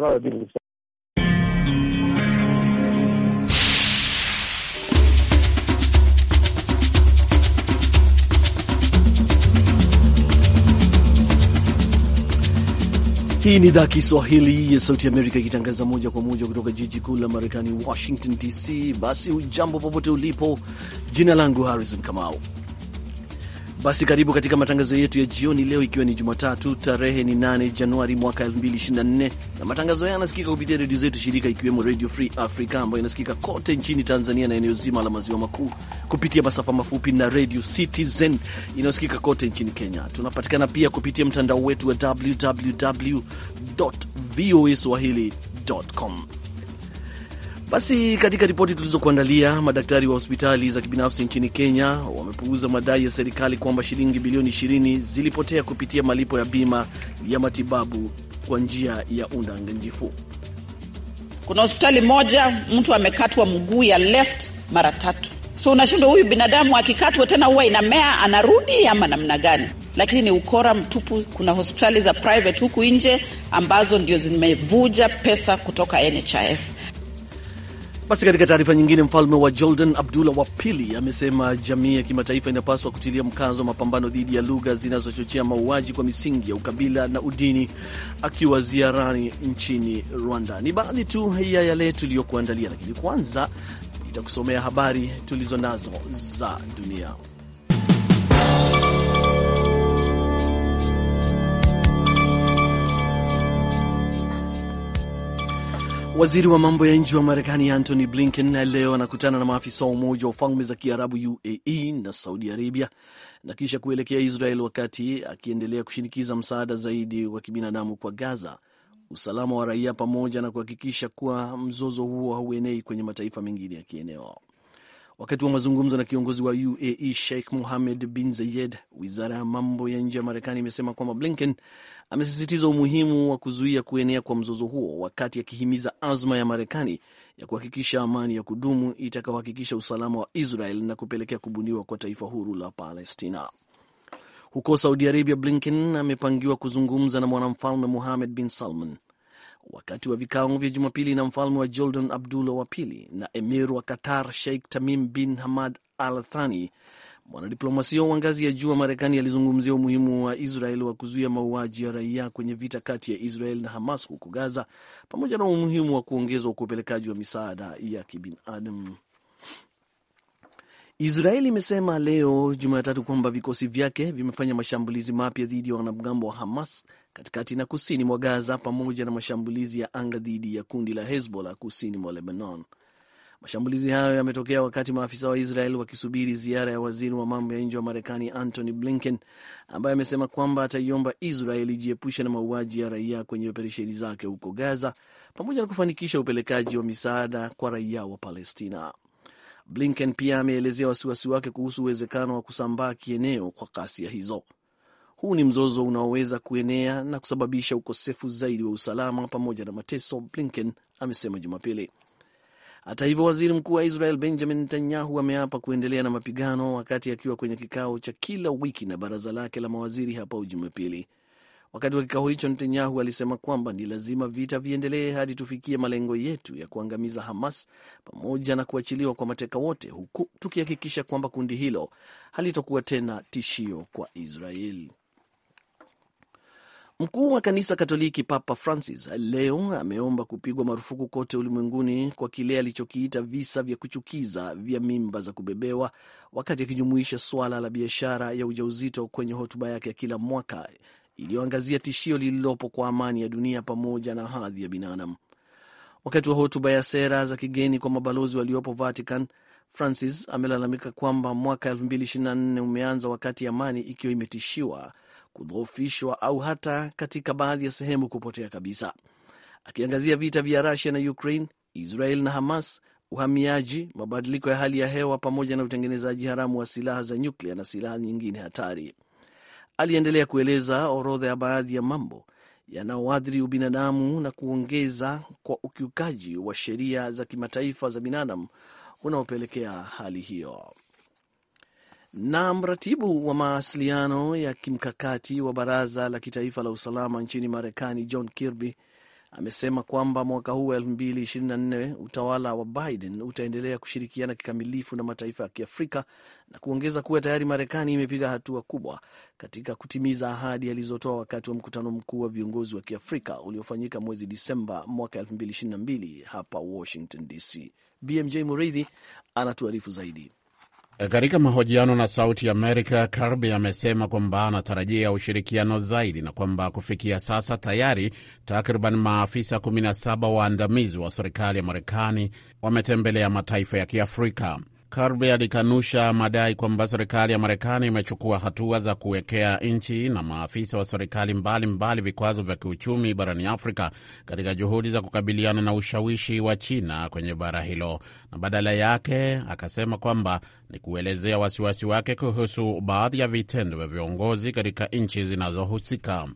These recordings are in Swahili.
Hii ni idhaa Kiswahili ya Sauti Amerika ikitangaza moja kwa moja kutoka jiji kuu la Marekani, Washington DC. Basi ujambo popote ulipo, jina langu Harrison Kamau basi karibu katika matangazo yetu ya jioni leo, ikiwa ni Jumatatu tarehe ni 8 Januari mwaka 2024, na matangazo haya yanasikika kupitia redio zetu shirika, ikiwemo Radio Free Africa ambayo inasikika kote nchini Tanzania na eneo zima la maziwa makuu kupitia masafa mafupi na Radio Citizen inayosikika kote nchini Kenya. Tunapatikana pia kupitia mtandao wetu wa www voa swahili.com. Basi katika ripoti tulizokuandalia, madaktari wa hospitali za kibinafsi nchini Kenya wamepuuza madai ya serikali kwamba shilingi bilioni 20 zilipotea kupitia malipo ya bima ya matibabu kwa njia ya undanganyifu Kuna hospitali moja mtu amekatwa mguu ya left mara tatu, so unashindwa huyu binadamu akikatwa tena huwa inamea anarudi ama namna gani? Lakini ni ukora mtupu. Kuna hospitali za private huku nje ambazo ndio zimevuja pesa kutoka NHIF. Basi katika taarifa nyingine, mfalme wa Jordan Abdullah wa pili amesema jamii ya kimataifa inapaswa kutilia mkazo wa mapambano dhidi ya lugha zinazochochea mauaji kwa misingi ya ukabila na udini. Akiwa ziarani nchini Rwanda, ni baadhi tu ya yale tuliyokuandalia, lakini kwanza itakusomea habari tulizo nazo za dunia. Waziri wa mambo ya nje wa Marekani Antony Blinken leo anakutana na maafisa wa Umoja wa Falme za Kiarabu UAE na Saudi Arabia na kisha kuelekea Israel, wakati akiendelea kushinikiza msaada zaidi wa kibinadamu kwa Gaza, usalama wa raia, pamoja na kuhakikisha kuwa mzozo huo hauenei kwenye mataifa mengine ya kieneo. Wakati wa mazungumzo na kiongozi wa UAE Sheikh Mohammed bin Zayed, wizara ya mambo ya nje ya Marekani imesema kwamba Blinken amesisitiza umuhimu wa kuzuia kuenea kwa mzozo huo, wakati akihimiza azma ya Marekani ya kuhakikisha amani ya kudumu itakayohakikisha usalama wa Israel na kupelekea kubuniwa kwa taifa huru la Palestina. Huko Saudi Arabia, Blinken amepangiwa kuzungumza na mwanamfalme Mohammed bin Salman wakati wa vikao vya Jumapili na mfalme wa Jordan Abdullah wa pili na emir wa Qatar Sheikh Tamim bin Hamad Al Thani. Mwanadiplomasia wa ngazi ya juu wa Marekani alizungumzia umuhimu wa Israel wa kuzuia mauaji ya raia kwenye vita kati ya Israel na Hamas huko Gaza, pamoja na umuhimu wa kuongezwa kwa upelekaji wa misaada ya kibinadamu. Israel imesema leo Jumatatu kwamba vikosi vyake vimefanya mashambulizi mapya dhidi ya wanamgambo wa Hamas katikati na kusini mwa Gaza pamoja na mashambulizi ya anga dhidi ya kundi la Hezbollah kusini mwa Lebanon. Mashambulizi hayo yametokea wakati maafisa wa Israel wakisubiri ziara ya waziri wa mambo ya nje wa Marekani Antony Blinken, ambaye amesema kwamba ataiomba Israel ijiepushe na mauaji ya raia kwenye operesheni zake huko Gaza, pamoja na kufanikisha upelekaji wa misaada kwa raia wa Palestina. Blinken pia ameelezea wasiwasi wake kuhusu uwezekano wa kusambaa kieneo kwa kasia hizo. Huu ni mzozo unaoweza kuenea na kusababisha ukosefu zaidi wa usalama pamoja na mateso, Blinken amesema Jumapili. Hata hivyo, waziri mkuu wa Israel Benjamin Netanyahu ameapa kuendelea na mapigano wakati akiwa kwenye kikao cha kila wiki na baraza lake la mawaziri hapo Jumapili. Wakati wa kikao hicho, Netanyahu alisema kwamba ni lazima vita viendelee hadi tufikie malengo yetu ya kuangamiza Hamas pamoja na kuachiliwa kwa mateka wote, huku tukihakikisha kwamba kundi hilo halitokuwa tena tishio kwa Israeli. Mkuu wa kanisa Katoliki Papa Francis leo ameomba kupigwa marufuku kote ulimwenguni kwa kile alichokiita visa vya kuchukiza vya mimba za kubebewa, wakati akijumuisha swala la biashara ya ujauzito kwenye hotuba yake ya kila mwaka iliyoangazia tishio lililopo kwa amani ya dunia pamoja na hadhi ya binadamu. Wakati wa hotuba ya sera za kigeni kwa mabalozi waliopo Vatican, Francis amelalamika kwamba mwaka 2024 umeanza wakati amani ikiwa imetishiwa kudhoofishwa au hata katika baadhi ya sehemu kupotea kabisa. Akiangazia vita vya Rusia na Ukraine, Israel na Hamas, uhamiaji, mabadiliko ya hali ya hewa, pamoja na utengenezaji haramu wa silaha za nyuklia na silaha nyingine hatari. Aliendelea kueleza orodha ya baadhi ya mambo yanayoathiri ubinadamu na kuongeza kwa ukiukaji wa sheria za kimataifa za binadamu unaopelekea hali hiyo. Na mratibu wa mawasiliano ya kimkakati wa baraza la kitaifa la usalama nchini Marekani, John Kirby amesema kwamba mwaka huu wa 2024 utawala wa Biden utaendelea kushirikiana kikamilifu na mataifa ya Kiafrika na kuongeza kuwa tayari Marekani imepiga hatua kubwa katika kutimiza ahadi alizotoa wakati wa mkutano mkuu wa viongozi wa Kiafrika uliofanyika mwezi Disemba mwaka 2022 hapa Washington DC. BMJ Muridhi anatuarifu zaidi. Katika mahojiano na Sauti Amerika, Kirby amesema kwamba anatarajia ushirikiano zaidi na kwamba kufikia sasa tayari takriban maafisa 17 waandamizi wa serikali ya Marekani wametembelea mataifa ya Kiafrika. Karbe alikanusha madai kwamba serikali ya Marekani imechukua hatua za kuwekea nchi na maafisa wa serikali mbalimbali vikwazo vya kiuchumi barani Afrika katika juhudi za kukabiliana na ushawishi wa China kwenye bara hilo, na badala yake akasema kwamba ni kuelezea wasiwasi wake kuhusu baadhi ya vitendo vya viongozi katika nchi zinazohusika.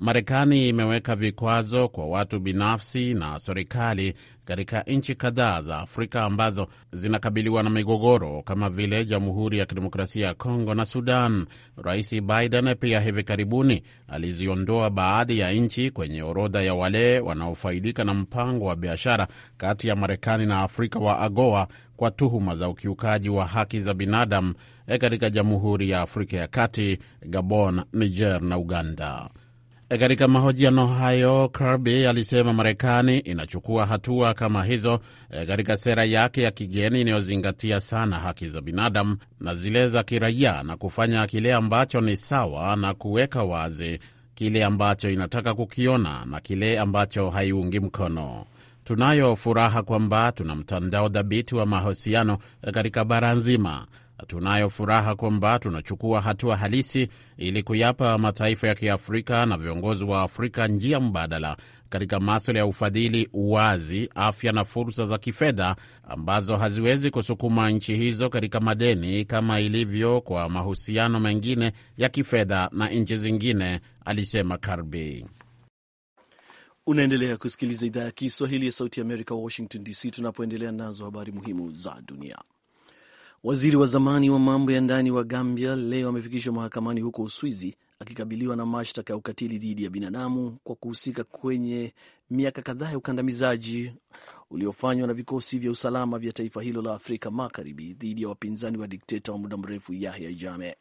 Marekani imeweka vikwazo kwa watu binafsi na serikali katika nchi kadhaa za Afrika ambazo zinakabiliwa na migogoro kama vile Jamhuri ya Kidemokrasia ya Kongo na Sudan. Rais Biden pia hivi karibuni aliziondoa baadhi ya nchi kwenye orodha ya wale wanaofaidika na mpango wa biashara kati ya Marekani na Afrika wa AGOA kwa tuhuma za ukiukaji wa haki za binadamu eh, katika Jamhuri ya Afrika ya Kati, Gabon, Niger na Uganda. E, katika mahojiano hayo, Kirby alisema Marekani inachukua hatua kama hizo e, katika sera yake ya kigeni inayozingatia sana haki za binadamu na zile za kiraia na kufanya kile ambacho ni sawa na kuweka wazi kile ambacho inataka kukiona na kile ambacho haiungi mkono. Tunayo furaha kwamba tuna mtandao dhabiti wa mahusiano e, katika bara nzima. Tunayo furaha kwamba tunachukua hatua halisi ili kuyapa mataifa ya Kiafrika na viongozi wa Afrika njia mbadala katika maswala ya ufadhili, uwazi, afya na fursa za kifedha ambazo haziwezi kusukuma nchi hizo katika madeni kama ilivyo kwa mahusiano mengine ya kifedha na nchi zingine, alisema Karbi. Unaendelea kusikiliza idhaa ya Kiswahili ya Sauti ya Amerika, Washington DC, tunapoendelea nazo habari muhimu za dunia. Waziri wa zamani wa mambo ya ndani wa Gambia leo amefikishwa mahakamani huko Uswizi akikabiliwa na mashtaka ya ukatili dhidi ya binadamu kwa kuhusika kwenye miaka kadhaa ya ukandamizaji uliofanywa na vikosi vya usalama vya taifa hilo la Afrika Magharibi dhidi ya wapinzani wa dikteta wa muda mrefu Yahya Jammeh.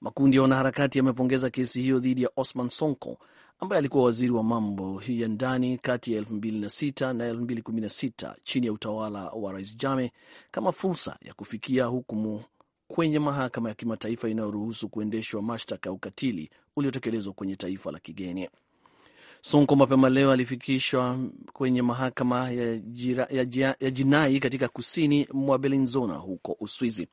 Makundi ya wanaharakati yamepongeza kesi hiyo dhidi ya Osman Sonko ambaye alikuwa waziri wa mambo ya ndani kati ya 2006 na 2016 chini ya utawala wa Rais Jame kama fursa ya kufikia hukumu kwenye mahakama ya kimataifa inayoruhusu kuendeshwa mashtaka ya ukatili uliotekelezwa kwenye taifa la kigeni. Sonko mapema leo alifikishwa kwenye mahakama ya, jira, ya, ya jinai katika kusini mwa Bellinzona huko Uswizi.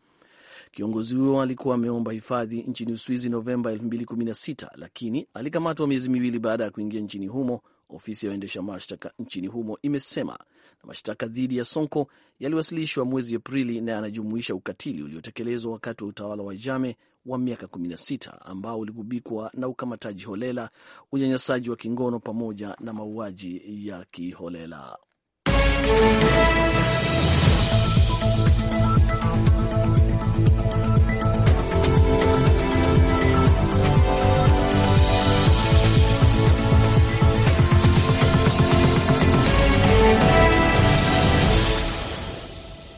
Kiongozi huyo alikuwa ameomba hifadhi nchini Uswizi Novemba 2016 lakini alikamatwa miezi miwili baada ya kuingia nchini humo, ofisi ya waendesha mashtaka nchini humo imesema, na mashtaka dhidi ya Sonko yaliwasilishwa mwezi Aprili na yanajumuisha ukatili uliotekelezwa wakati wa utawala wa Jame wa miaka 16 ambao uligubikwa na ukamataji holela, unyanyasaji wa kingono pamoja na mauaji ya kiholela.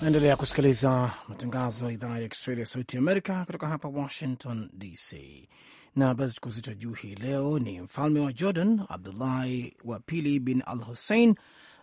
Naendelea kusikiliza matangazo ya idhaa ya Kiswahili ya Sauti Amerika kutoka hapa Washington DC. Na basi kuzito juu hii leo ni mfalme wa Jordan Abdullahi wa Pili bin al Hussein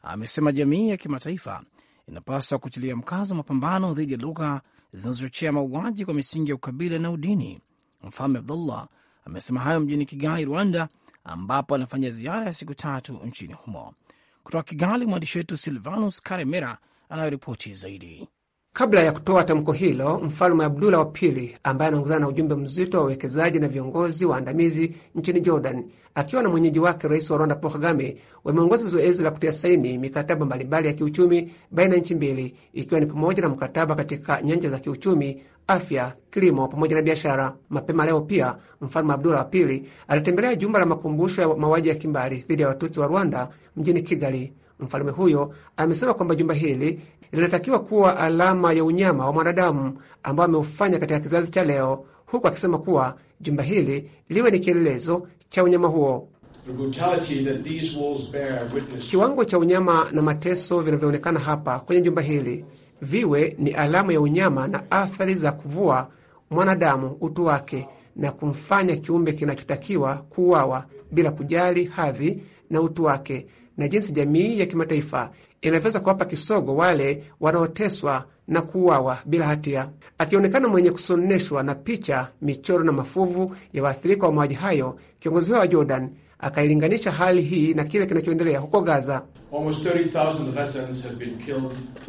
amesema jamii ya kimataifa inapaswa kutilia mkazo mapambano dhidi ya lugha zinazochochea mauaji kwa misingi ya ukabila na udini. Mfalme Abdullah amesema hayo mjini Kigali, Rwanda, ambapo anafanya ziara ya siku tatu nchini humo. Kutoka Kigali, mwandishi wetu Silvanus Karemera anayoripoti zaidi. Kabla ya kutoa tamko hilo, mfalme Abdullah wa pili ambaye anaongozana na ujumbe mzito wa wawekezaji na viongozi waandamizi nchini Jordan akiwa na mwenyeji wake rais wa Rwanda Paul Kagame wameongoza zoezi la kutia saini mikataba mbalimbali ya kiuchumi baina ya nchi mbili, ikiwa ni pamoja na mkataba katika nyanja za kiuchumi, afya, kilimo pamoja na biashara. Mapema leo pia mfalme Abdullah wa pili alitembelea jumba la makumbusho ya mauaji ya kimbari dhidi ya Watutsi wa Rwanda mjini Kigali. Mfalme huyo amesema kwamba jumba hili linatakiwa kuwa alama ya unyama wa mwanadamu ambao ameufanya katika kizazi cha leo, huku akisema kuwa jumba hili liwe ni kielelezo cha unyama huo. Kiwango cha unyama na mateso vinavyoonekana hapa kwenye jumba hili viwe ni alama ya unyama na athari za kuvua mwanadamu utu wake na kumfanya kiumbe kinachotakiwa kuuawa bila kujali hadhi na utu wake na jinsi jamii ya kimataifa inavyoweza kuwapa kisogo wale wanaoteswa na kuuawa bila hatia. Akionekana mwenye kusoneshwa na picha, michoro na mafuvu ya waathirika wa mauaji hayo, kiongozi huyo wa Jordan akailinganisha hali hii na kile kinachoendelea huko Gaza.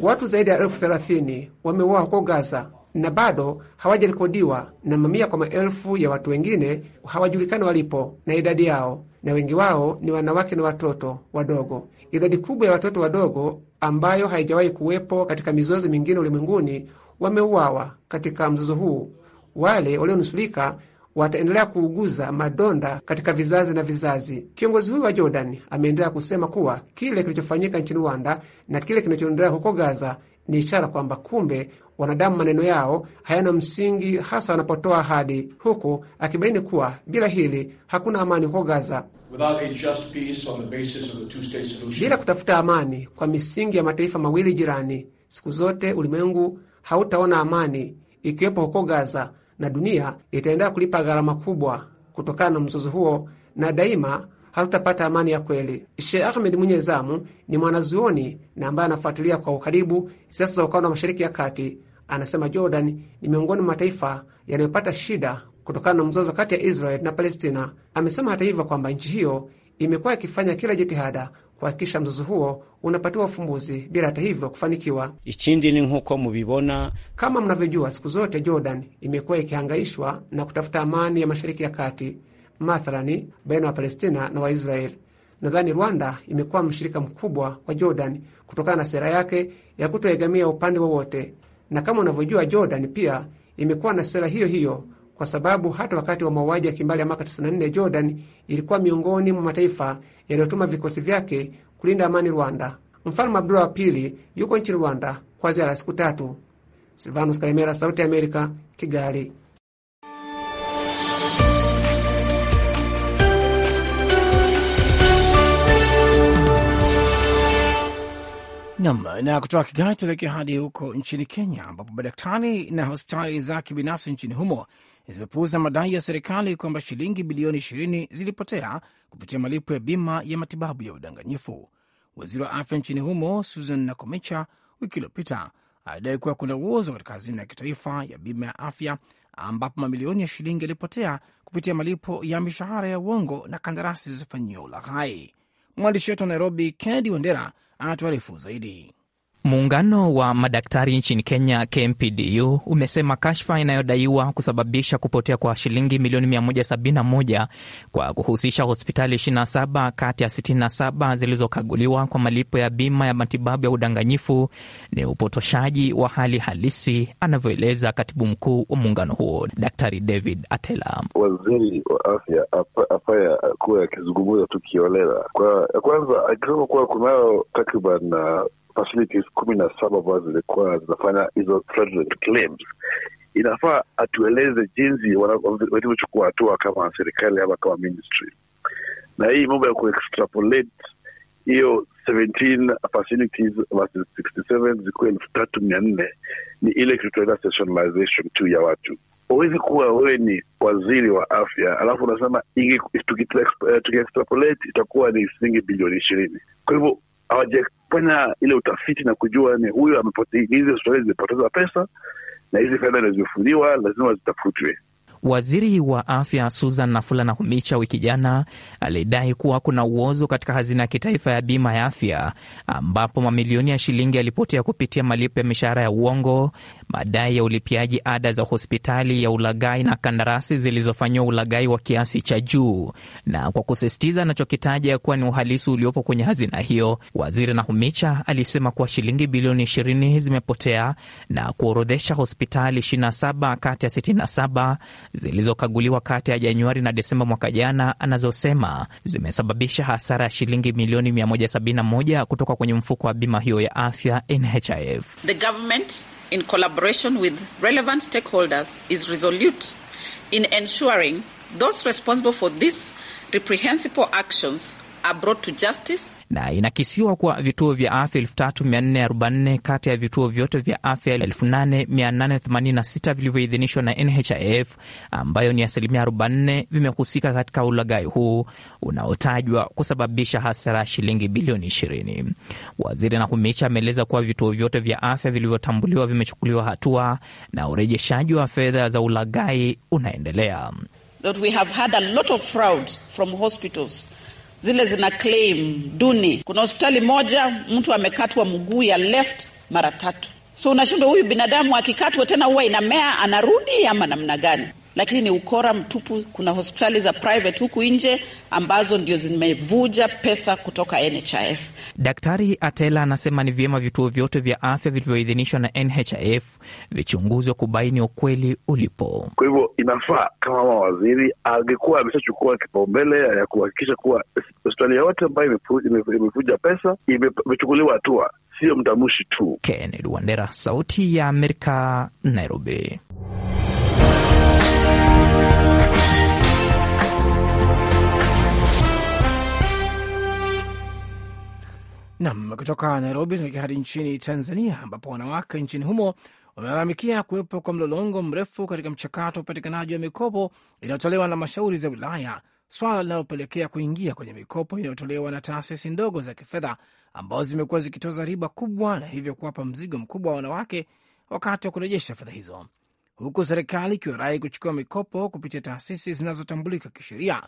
Watu zaidi ya elfu thelathini wameuawa huko Gaza na bado hawajarekodiwa na mamia kwa maelfu ya watu wengine hawajulikani walipo na idadi yao, na wengi wao ni wanawake na watoto wadogo. Idadi kubwa ya watoto wadogo ambayo haijawahi kuwepo katika mizozo mingine ulimwenguni wameuawa katika mzozo huu. Wale walionusulika wataendelea kuuguza madonda katika vizazi na vizazi. Kiongozi huyu wa Jordan ameendelea kusema kuwa kile kilichofanyika nchini Rwanda na kile kinachoendelea huko Gaza ni ishara kwamba kumbe wanadamu maneno yao hayana msingi, hasa wanapotoa ahadi, huku akibaini kuwa bila hili hakuna amani huko Gaza. Bila kutafuta amani kwa misingi ya mataifa mawili jirani, siku zote ulimwengu hautaona amani, ikiwepo huko Gaza, na dunia itaendelea kulipa gharama kubwa kutokana na mzozo huo, na daima hatutapata amani ya kweli. Sheikh Ahmed Munyezamu ni mwanazuoni na ambaye anafuatilia kwa ukaribu siasa za ukanda wa Mashariki ya Kati. Anasema Jordan ni miongoni mwa mataifa yanayopata shida kutokana na mzozo kati ya Israel na Palestina. Amesema hata hivyo kwamba nchi hiyo imekuwa ikifanya kila jitihada kuhakikisha mzozo huo unapatiwa ufumbuzi bila hata hivyo kufanikiwa. Ichindi ni nkuko mubibona, kama mnavyojua, siku zote Jordan imekuwa ikihangaishwa na kutafuta amani ya Mashariki ya Kati mathalani baina ya Palestina na Waisraeli. Nadhani Rwanda imekuwa mshirika mkubwa wa Jordan kutokana na sera yake ya kutoegamia upande wowote, na kama unavyojua, Jordan pia imekuwa na sera hiyo hiyo, kwa sababu hata wakati wa mauaji ya kimbali ya mwaka 94 Jordan ilikuwa miongoni mwa mataifa yaliyotuma vikosi vyake kulinda amani Rwanda. Mfalme Abdullah wa Pili yuko nchini Rwanda kwa ziara ya siku tatu. Silvanus Kalemera, Sauti ya Amerika, Kigali. Nam na kutoka Kigali tuelekea hadi huko nchini Kenya, ambapo madaktari na hospitali za kibinafsi nchini humo zimepuuza madai ya serikali kwamba shilingi bilioni ishirini zilipotea kupitia malipo ya bima ya matibabu ya udanganyifu. Waziri wa afya nchini humo Susan Nakumicha wiki iliyopita alidai kuwa kuna uozo katika hazina ya kitaifa ya bima ya afya, ambapo mamilioni ya shilingi yalipotea kupitia malipo ya mishahara ya uongo na kandarasi zilizofanyiwa ulaghai. Mwandishi wetu wa Nairobi, Kennedy Wandera anatuarifu zaidi. Muungano wa madaktari nchini Kenya, KMPDU, umesema kashfa inayodaiwa kusababisha kupotea kwa shilingi milioni 171 kwa kuhusisha hospitali 27 kati ya 67 zilizokaguliwa kwa malipo ya bima ya matibabu ya udanganyifu ni upotoshaji wa hali halisi, anavyoeleza katibu mkuu wa muungano huo Daktari David Atela. Waziri wa afya afaya kuwa akizungumuza tukiolela kwa kwanza akisema kuwa kunayo takriban uh, facilities kumi na saba ambazo zilikuwa zinafanya hizo fraudulent claims inafaa atueleze jinsi walivyochukua hatua kama serikali ama kama ministry na hii mambo ya kuextrapolate hiyo 17 facilities versus 67 zikuwa elfu tatu mia nne ni ile kitu sensationalization tu ya watu huwezi kuwa wewe ni waziri wa afya alafu unasema tukiextrapolate itakuwa ni shilingi bilioni ishirini kwa hivyo hawaja kufanya ile utafiti na kujua ni huyo hizi hospitali zimepoteza pesa na hizi fedha inazofuliwa lazima zitafutwe. Waziri wa afya Susan Nafula Nakumicha wiki jana alidai kuwa kuna uozo katika hazina ya kitaifa ya bima ya afya, ambapo mamilioni ya shilingi yalipotea kupitia malipo ya mishahara ya uongo, madai ya ulipiaji ada za hospitali ya ulaghai na kandarasi zilizofanyiwa ulaghai wa kiasi cha juu. Na kwa kusisitiza anachokitaja kuwa ni uhalisi uliopo kwenye hazina hiyo, waziri Nakumicha alisema kuwa shilingi bilioni 20 zimepotea na kuorodhesha hospitali 27 kati ya 67 zilizokaguliwa kati ya Januari na Desemba mwaka jana, anazosema zimesababisha hasara ya shilingi milioni 171 kutoka kwenye mfuko wa bima hiyo ya afya NHIF. The government in collaboration with relevant stakeholders is resolute in ensuring those responsible for these reprehensible actions are brought to justice. Na inakisiwa kuwa vituo vya afya 344 kati ya vituo vyote vya afya 8886 vilivyoidhinishwa na NHIF, ambayo ni asilimia 4 vimehusika katika ulaghai huu unaotajwa kusababisha hasara ya shilingi bilioni 20. Waziri Nakhumicha ameeleza kuwa vituo vyote vya afya vilivyotambuliwa vimechukuliwa hatua na urejeshaji wa fedha za ulaghai unaendelea. That we have had a lot of fraud from hospitals zile zina claim duni. Kuna hospitali moja mtu amekatwa mguu ya left mara tatu, so unashindwa huyu binadamu akikatwa tena huwa inamea anarudi ama namna gani? lakini ni ukora mtupu. Kuna hospitali za private huku nje ambazo ndio zimevuja pesa kutoka NHIF. Daktari Atela anasema ni vyema vituo vyote vya afya vilivyoidhinishwa na NHIF vichunguzwe kubaini ukweli ulipo. Kwa hivyo inafaa kama mawaziri angekuwa ameshachukua kipaumbele ya kuhakikisha kuwa hospitali yote ambayo imevuja pesa imechukuliwa hatua, sio mtamushi tu. Kennedy Wandera, Sauti ya Amerika, Nairobi. Nam kutoka Nairobi tunaelekea hadi nchini Tanzania, ambapo wanawake nchini humo wamelalamikia kuwepo kwa mlolongo mrefu katika mchakato wa upatikanaji wa mikopo inayotolewa na mashauri za wilaya, swala linalopelekea kuingia kwenye mikopo inayotolewa na taasisi ndogo za kifedha ambazo zimekuwa zikitoza riba kubwa na hivyo kuwapa mzigo mkubwa wa wanawake wakati wa kurejesha fedha hizo, huku serikali ikiwarai kuchukua mikopo kupitia taasisi zinazotambulika kisheria.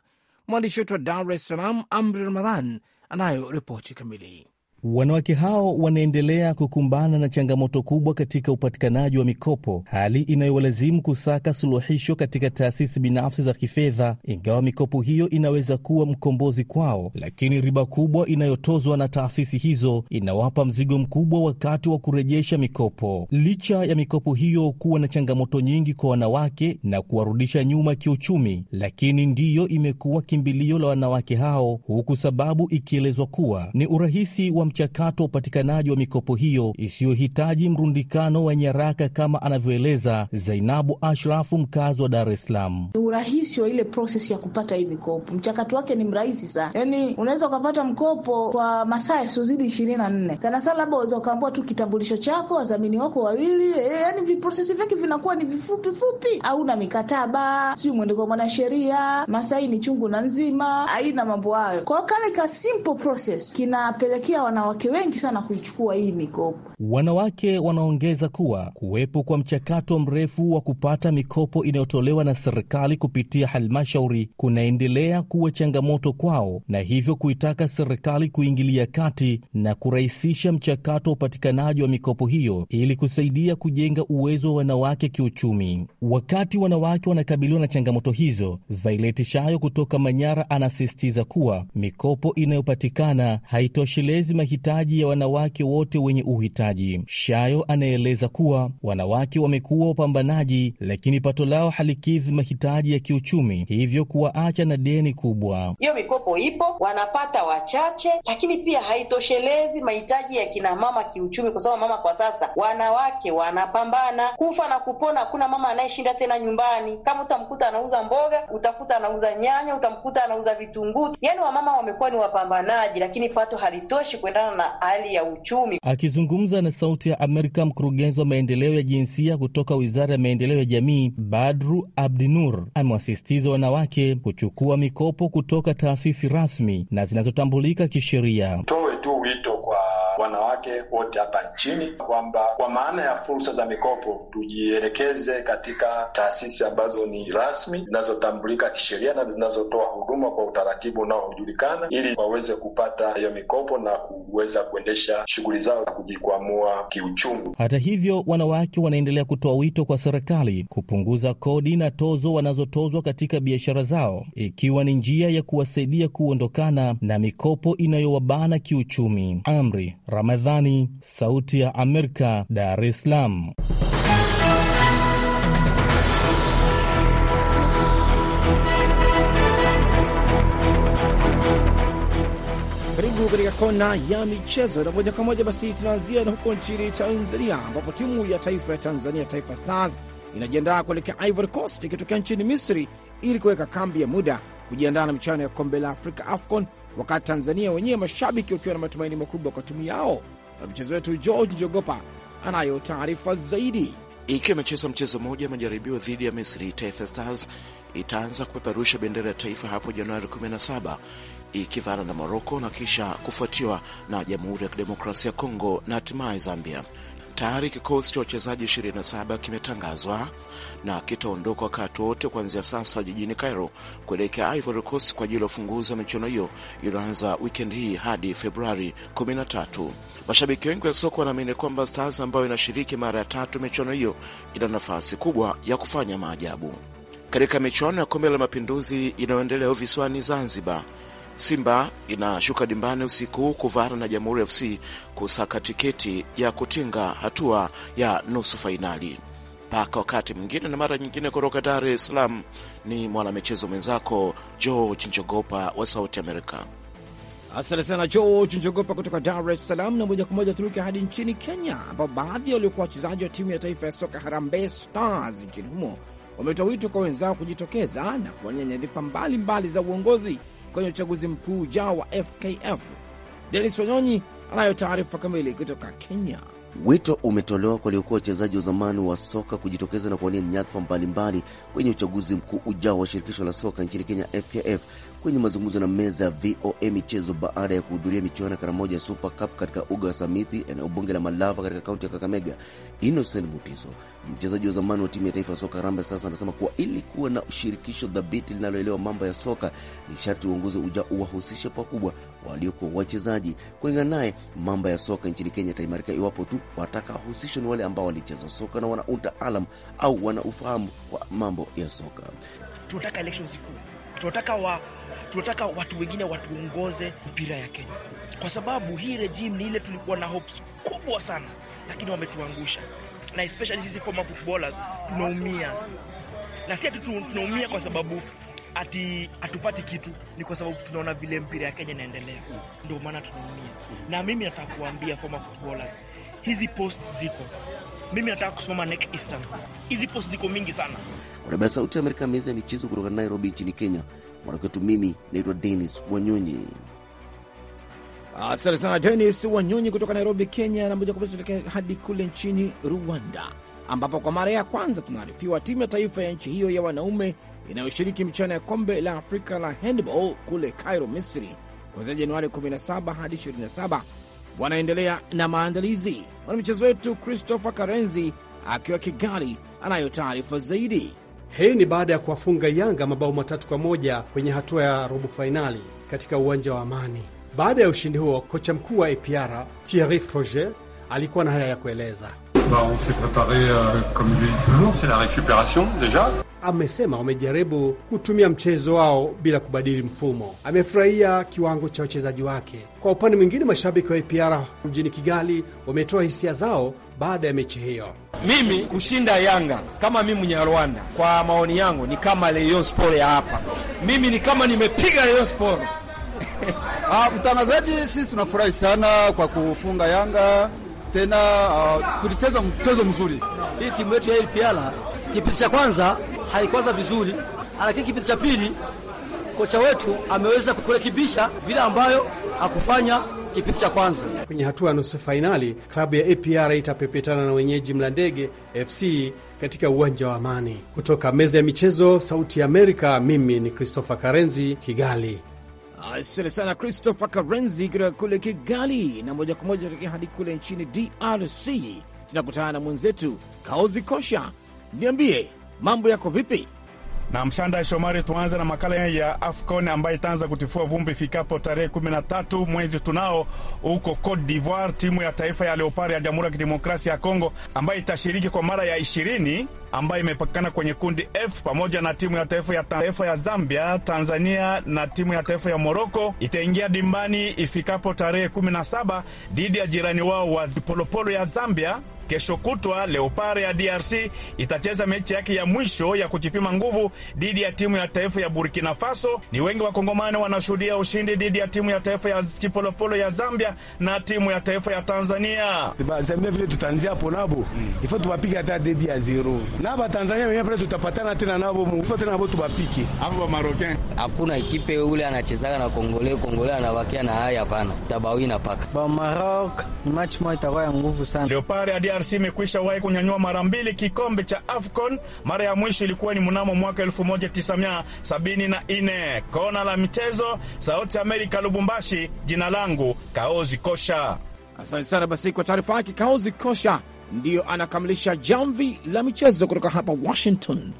Mwandishi wetu wa Dar es Salaam, Amri Ramadhan, anayo ripoti kamili. Wanawake hao wanaendelea kukumbana na changamoto kubwa katika upatikanaji wa mikopo, hali inayowalazimu kusaka suluhisho katika taasisi binafsi za kifedha. Ingawa mikopo hiyo inaweza kuwa mkombozi kwao, lakini riba kubwa inayotozwa na taasisi hizo inawapa mzigo mkubwa wakati wa kurejesha mikopo. Licha ya mikopo hiyo kuwa na changamoto nyingi kwa wanawake na kuwarudisha nyuma kiuchumi, lakini ndiyo imekuwa kimbilio la wanawake hao, huku sababu ikielezwa kuwa ni urahisi wa mchakato wa upatikanaji wa mikopo hiyo isiyohitaji mrundikano wa nyaraka kama anavyoeleza Zainabu Ashrafu, mkazi wa Dar es Salaam. Ni urahisi wa ile proses ya kupata hii mikopo, mchakato wake ni mrahisi sana, yani unaweza ukapata mkopo kwa masaa yasiozidi ishirini na nne sana sana, labda unaweza ukaambua tu kitambulisho chako, wadhamini wako wawili, eh, yani viprosesi vyake vinakuwa ni vifupi fupi, na mikataba, sijui mwendeko wa mwanasheria, ni chungu na nzima, aina mambo hayo. Kwa kale ka simple process kinapelekea wana wanawake wengi sana kuichukua hii mikopo. Wanawake wanaongeza kuwa kuwepo kwa mchakato mrefu wa kupata mikopo inayotolewa na serikali kupitia halmashauri kunaendelea kuwa changamoto kwao, na hivyo kuitaka serikali kuingilia kati na kurahisisha mchakato wa upatikanaji wa mikopo hiyo ili kusaidia kujenga uwezo wa wanawake kiuchumi. Wakati wanawake wanakabiliwa na changamoto hizo, Violet Shayo kutoka Manyara anasisitiza kuwa mikopo inayopatikana haitoshelezi mahitaji ya wanawake wote wenye uhitaji. Shayo anaeleza kuwa wanawake wamekuwa wapambanaji, lakini pato lao halikidhi mahitaji ya kiuchumi, hivyo kuwaacha na deni kubwa. Hiyo mikopo ipo, wanapata wachache, lakini pia haitoshelezi mahitaji ya kinamama kiuchumi, kwa sababu mama kwa sasa, wanawake wanapambana kufa na kupona. Hakuna mama anayeshinda tena nyumbani, kama utamkuta anauza mboga, utafuta anauza nyanya, utamkuta anauza vitunguu. Yani wamama wamekuwa ni wapambanaji, lakini pato halitoshi kwenda kuendana na hali ya uchumi. Akizungumza na Sauti ya Amerika, mkurugenzi wa maendeleo ya jinsia kutoka Wizara ya Maendeleo ya Jamii Badru Abdinur amewasisitiza wanawake kuchukua mikopo kutoka taasisi rasmi na zinazotambulika kisheria. tu wito wanawake wote hapa nchini kwamba kwa maana ya fursa za mikopo tujielekeze katika taasisi ambazo ni rasmi zinazotambulika kisheria na zinazotoa huduma kwa utaratibu unaojulikana ili waweze kupata hiyo mikopo na kuweza kuendesha shughuli zao za kujikwamua kiuchumi. Hata hivyo, wanawake wanaendelea kutoa wito kwa serikali kupunguza kodi na tozo wanazotozwa katika biashara zao, ikiwa ni njia ya kuwasaidia kuondokana na mikopo inayowabana kiuchumi. Amri Ramadhani, Sauti ya Amerika, Dar es Salaam. Karibu katika kona ya michezo na moja kwa moja. Basi tunaanzia na huko nchini Tanzania, ambapo timu ya taifa ya Tanzania, Taifa Stars, inajiandaa kuelekea Ivory Coast ikitokea nchini Misri ili kuweka kambi ya muda kujiandaa na michuano ya kombe la Afrika AFCON, wakati Tanzania wenyewe mashabiki wakiwa na matumaini makubwa kwa timu yao. Na mchezo wetu George Njogopa anayo taarifa zaidi. Ikiwa imecheza mchezo mmoja majaribio dhidi ya Misri, Taifa Stars itaanza kupeperusha bendera ya taifa hapo Januari 17 ikivana na Moroko na kisha kufuatiwa na Jamhuri ya Kidemokrasia ya Kongo na hatimaye Zambia. Tayari kikosi cha wachezaji 27 kimetangazwa na kitaondoka wakati wote kuanzia sasa jijini Cairo kuelekea Ivory Coast kwa ajili ya ufunguzi wa michuano hiyo iliyoanza wikendi hii hadi Februari 13. Mashabiki wengi wa soka wanaamini kwamba Stars ambayo inashiriki mara ya tatu michuano hiyo ina nafasi kubwa ya kufanya maajabu katika michuano ya Kombe la Mapinduzi inayoendelea visiwani Zanzibar. Simba inashuka dimbani usiku huu na Jamhuri FC kusaka tiketi ya kutinga hatua ya nusu fainali. Mpaka wakati mwingine na mara nyingine, kutoka Dar es Salaam ni mwanamichezo mwenzako George Njogopa wa Sauti Amerika. Asante sana George Njogopa kutoka Dar es Salaam. Na moja kwa moja turuke hadi nchini Kenya, ambapo baadhi ya waliokuwa wachezaji wa timu ya taifa ya soka Harambee Stars nchini humo wametoa wito kwa wenzao kujitokeza na kuwania nyadhifa mbalimbali za uongozi kwenye uchaguzi mkuu ujao wa FKF. Denis Wanyonyi anayo taarifa kamili kutoka Kenya. Wito umetolewa kwa aliokuwa wachezaji wa zamani wa soka kujitokeza na kuwania nyadhifa mbalimbali kwenye uchaguzi mkuu ujao wa shirikisho la soka nchini Kenya, FKF, kwenye mazungumzo na meza ya VOA michezo baada ya kuhudhuria michuano ya Karamoja ya Super Cup katika uga wa Samiti eneo bunge la Malava katika kaunti ya Kakamega. Innocent Mutiso, mchezaji wa zamani wa timu ya taifa ya soka Harambee, sasa anasema kuwa ili kuwa na ushirikisho dhabiti linaloelewa mambo ya soka ni sharti uongozi uja uwahusishe pakubwa waliokuwa wachezaji. Kulingana naye, mambo ya soka nchini Kenya yataimarika iwapo tu wataka wahusishwe ni wale ambao walicheza soka na wana utaalam au wana ufahamu wa mambo ya soka. Tunataka elections zikuu, tunataka wa tunataka watu wengine watuongoze mpira ya Kenya, kwa sababu hii regime ni ile tulikuwa na hopes kubwa sana, lakini wametuangusha, na especially sisi kama footballers tunaumia, na si ati tunaumia kwa sababu ati hatupati kitu, ni kwa sababu tunaona vile mpira ya Kenya inaendelea, ndio maana tunaumia. Na mimi nataka kuambia former footballers, hizi post ziko mimi nataka kusimama neck Eastern. Hizi post ziko mingi sana. Unabea Sauti ya Amerika, meza ya michezo kutoka Nairobi nchini Kenya. Mwanakwetu, mimi naitwa Denis Wanyonyi. Asante sana Denis Wanyonyi kutoka Nairobi, Kenya. Na moja kwa moja hadi kule nchini Rwanda, ambapo kwa mara ya kwanza tunaarifiwa timu ya taifa ya nchi hiyo ya wanaume inayoshiriki michuano ya kombe la Afrika la handball kule Cairo, Misri, kuanzia Januari 17 hadi 27 wanaendelea na maandalizi. Mwanamichezo wetu Christopher Karenzi akiwa Kigali anayo taarifa zaidi. Hii ni baada ya kuwafunga Yanga mabao matatu kwa moja kwenye hatua ya robo fainali katika uwanja wa Amani. Baada ya ushindi huo, kocha mkuu wa APR Thierry Froger alikuwa na haya ya kueleza. Euh, Amesema wamejaribu kutumia mchezo wao bila kubadili mfumo. Amefurahia kiwango cha wachezaji wake. Kwa upande mwingine, mashabiki wa APR mjini Kigali wametoa hisia zao baada ya mechi hiyo. Mimi kushinda Yanga kama mimi Mnyarwanda, kwa maoni yangu ni kama Leon Sport ya hapa, mimi ni kama nimepiga Leon Sport. Ah, mtangazaji, sisi tunafurahi sana kwa kufunga Yanga tena. Uh, tulicheza mchezo mzuri. Hii timu yetu ya EPL kipindi cha kwanza haikwaza vizuri, lakini kipindi cha pili kocha wetu ameweza kurekebisha vile ambayo akufanya kipindi cha kwanza. Kwenye hatua ya nusu fainali, klabu ya APR itapepetana na wenyeji Mlandege FC katika uwanja wa Amani. Kutoka meza ya michezo, Sauti ya Amerika, mimi ni Christopher Karenzi, Kigali. Asante sana Christopher Karenzi kutoka kule Kigali. Na moja kwa moja tokea hadi kule nchini DRC tunakutana na mwenzetu Kaozi Kosha. Niambie, mambo yako vipi? na Mshanda Shomari. Tuanze na makala ya AFCON ambayo itaanza kutifua vumbi ifikapo tarehe kumi na tatu mwezi tunao huko Cote d'Ivoire. Timu ya taifa ya Leopard ya Jamhuri ya Kidemokrasia ya Kongo ambayo itashiriki kwa mara ya ishirini ambayo imepakana kwenye kundi F pamoja na timu ya taifa ya taifa ya Zambia, Tanzania na timu ya taifa ya Moroko itaingia dimbani ifikapo tarehe kumi na saba dhidi ya jirani wao wa Polopolo ya Zambia Kesho kutwa Leopard ya DRC itacheza mechi yake ya mwisho ya kujipima nguvu dhidi ya timu ya taifa ya Burkina Faso. Ni wengi Kongomani wanashuhudia ushindi dhidi ya timu ya taifa ya Chipolopolo ya Zambia na timu ya taifa ya Tanzania. vile tutaanzia hapo nabo, ifo hata ya zero, na ba Tanzania wenyewe pale tutapatana tena nabo, ifo tena nabo hapo ba Hakuna ule anachezaga na Kongole, Kongole anabakia na haya, hapana tabawi na paka ba Maroc. Match moja itakuwa ya nguvu sana Leopard ya DRC imekwisha wahi kunyanyua mara mbili kikombe cha AFCON. Mara ya mwisho ilikuwa ni mnamo mwaka 1974. Kona la michezo, Sauti Amerika, Lubumbashi. Jina langu Kaozi Kosha. Asante sana. Basi kwa taarifa yake Kaozi Kosha, ndiyo anakamilisha jamvi la michezo kutoka hapa Washington.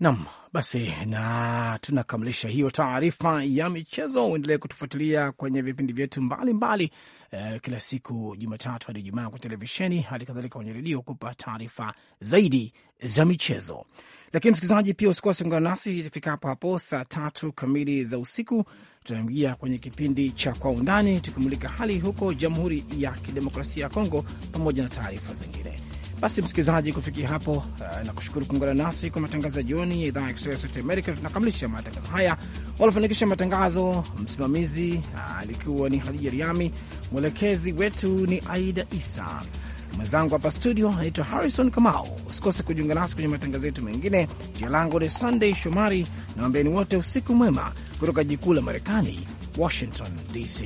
Nam basi, na tunakamilisha hiyo taarifa ya michezo. Uendelee kutufuatilia kwenye vipindi vyetu mbalimbali eh, kila siku Jumatatu hadi Jumaa kwa televisheni, hali kadhalika kwenye redio kupa taarifa zaidi za michezo. Lakini msikilizaji, pia usikose ungana nasi ifikapo hapo saa tatu kamili za usiku. Tunaingia kwenye kipindi cha Kwa Undani, tukimulika hali huko Jamhuri ya Kidemokrasia ya Kongo pamoja na taarifa zingine. Basi msikilizaji, kufikia hapo uh, na kushukuru kuungana nasi kwa matangazo ya jioni ya idhaa ya Kiswahili ya Sauti Amerika. Tunakamilisha matangazo haya. Waliofanikisha matangazo, msimamizi uh, alikuwa uh, ni Hadija Riami, mwelekezi wetu ni Aida Isa, mwenzangu hapa studio anaitwa Harrison Kamau. Usikose kujiunga nasi kwenye matangazo yetu mengine. Jina langu ni Sunday Shomari na wambeeni wote usiku mwema kutoka jikuu la Marekani, Washington DC.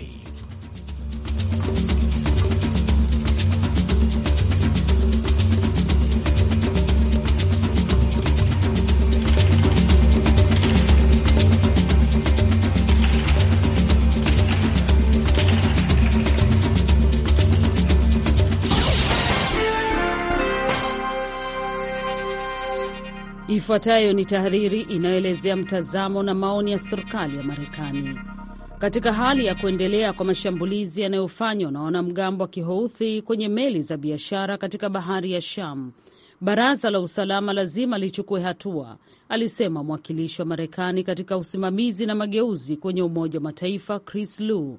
Ifuatayo ni tahariri inayoelezea mtazamo na maoni ya serikali ya Marekani. Katika hali ya kuendelea kwa mashambulizi yanayofanywa na wanamgambo wa Kihouthi kwenye meli za biashara katika bahari ya Sham, baraza la usalama lazima lichukue hatua, alisema mwakilishi wa Marekani katika usimamizi na mageuzi kwenye Umoja wa Mataifa Chris Lu.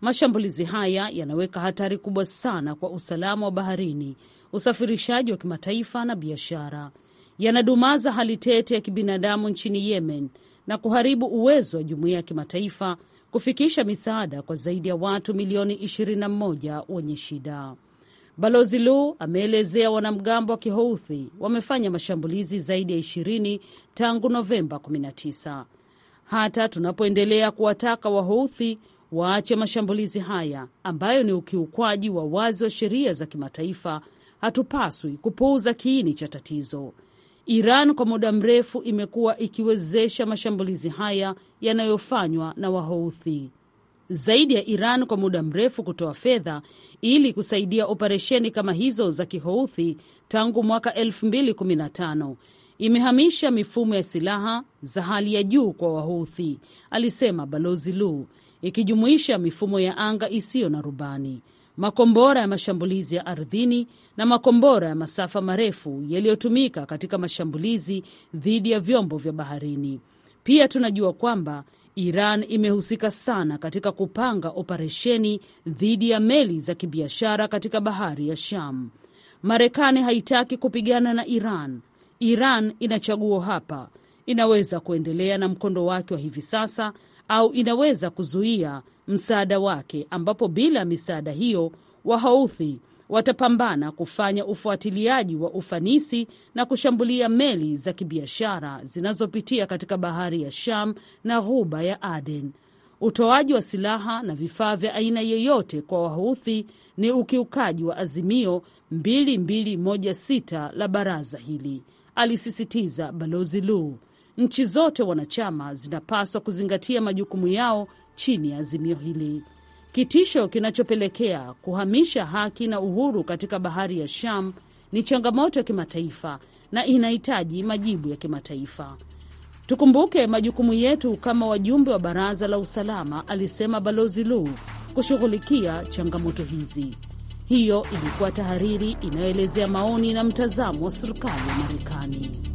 Mashambulizi haya yanaweka hatari kubwa sana kwa usalama wa baharini, usafirishaji wa kimataifa na biashara yanadumaza hali tete ya kibinadamu nchini Yemen na kuharibu uwezo wa jumuiya ya kimataifa kufikisha misaada kwa zaidi ya watu milioni 21 wenye shida. Balozi Lu ameelezea wanamgambo wa kihouthi wamefanya mashambulizi zaidi ya 20 tangu Novemba 19. Hata tunapoendelea kuwataka wahouthi waache mashambulizi haya ambayo ni ukiukwaji wa wazi wa sheria za kimataifa, hatupaswi kupuuza kiini cha tatizo. Iran kwa muda mrefu imekuwa ikiwezesha mashambulizi haya yanayofanywa na Wahouthi. Zaidi ya Iran kwa muda mrefu kutoa fedha ili kusaidia operesheni kama hizo za Kihouthi tangu mwaka 2015 imehamisha mifumo ya silaha za hali ya juu kwa Wahouthi, alisema Balozi Lu, ikijumuisha mifumo ya anga isiyo na rubani makombora ya mashambulizi ya ardhini na makombora ya masafa marefu yaliyotumika katika mashambulizi dhidi ya vyombo vya baharini. Pia tunajua kwamba Iran imehusika sana katika kupanga operesheni dhidi ya meli za kibiashara katika bahari ya Sham. Marekani haitaki kupigana na Iran. Iran ina chaguo hapa. Inaweza kuendelea na mkondo wake wa hivi sasa au inaweza kuzuia msaada wake, ambapo bila misaada hiyo Wahouthi watapambana kufanya ufuatiliaji wa ufanisi na kushambulia meli za kibiashara zinazopitia katika bahari ya Sham na ghuba ya Aden. Utoaji wa silaha na vifaa vya aina yeyote kwa Wahouthi ni ukiukaji wa azimio 2216 la baraza hili, alisisitiza Balozi Lu Nchi zote wanachama zinapaswa kuzingatia majukumu yao chini ya azimio hili. Kitisho kinachopelekea kuhamisha haki na uhuru katika bahari ya Sham ni changamoto ya kimataifa na inahitaji majibu ya kimataifa. Tukumbuke majukumu yetu kama wajumbe wa Baraza la Usalama, alisema Balozi Lu, kushughulikia changamoto hizi. Hiyo ilikuwa tahariri inayoelezea maoni na mtazamo wa serikali ya Marekani.